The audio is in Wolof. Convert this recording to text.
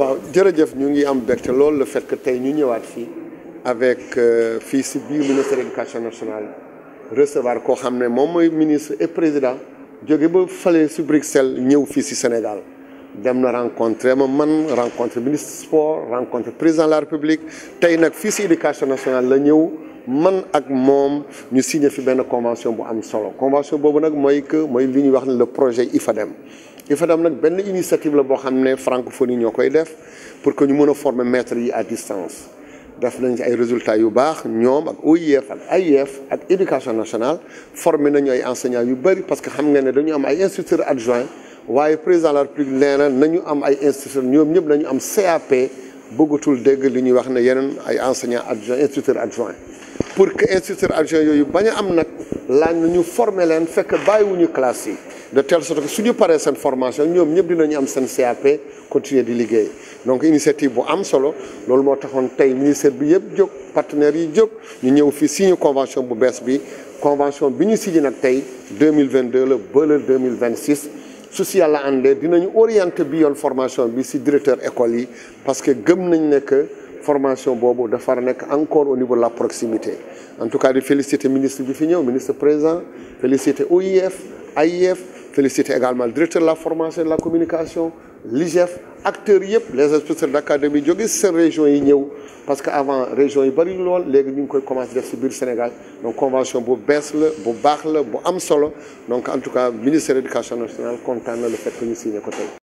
waaw jërëjëf ñu ngi am bégte loolu le fait que nous ñu ñëwaat fii avec euh, fii si du ministère l'Éducation nationale recevoir koo xam ne moom ministre et président jóge ba fait sur Bruxelles ñëw fii si Sénégal dem na rencontré le man rencontre ministre sport rencontre président de la République Nous avons fii si éducation nationale la ñëw man ak moom ñu signé fi convention bu am solo convention boobu nag mooy que mooy li wax le projet IFADEM il IFADAM nag benn initiative la boo xam francophonie ñoo koy def pour que ñu mën former maîtres yi à distance def nañ ci ay résultats yu baax ñoom ak OIF ak AIF ak éducation nationale formé nañu enseignants yu bëri parce que xam nga ne dañu am ay instituteurs adjoints waaye président de la République nee na nañu am ay instituteurs ñoom ñëpp nañu am CAP bëggatul dégg li ñuy wax ne yeneen ay enseignants adjoint, instituteurs adjoint. pour que instituteurs adjoint yooyu bañ a am nag laaj na ñu former leen fekk bàyyiwuñu classe yi de telle sorte que si nous de cette formation nous avons dinañu am seen CAP continuer di donc l'initiative est am Nous avons signé la ministère bi partenaires yi ñu convention bu bees convention bi ñu 2022 le le 2026 ceci à la fin, dinañu orienté bi formation bi directeur école parce que nous avons ne que formation bobo, de encore au niveau de la proximité en tout cas je félicite le ministre bi fi ministre présent, féliciter OIF AIF féliciter également le directeur de la formation et de la communication l'IGF acteurs yep les inspecteurs d'académie jóge c'est région parce qu'avant, avant région yi bari lool léegi ñu ngi koy le Sénégal donc convention pour Bessel, pour bu pour la donc en tout cas le ministère de l'éducation nationale compte le fait que nous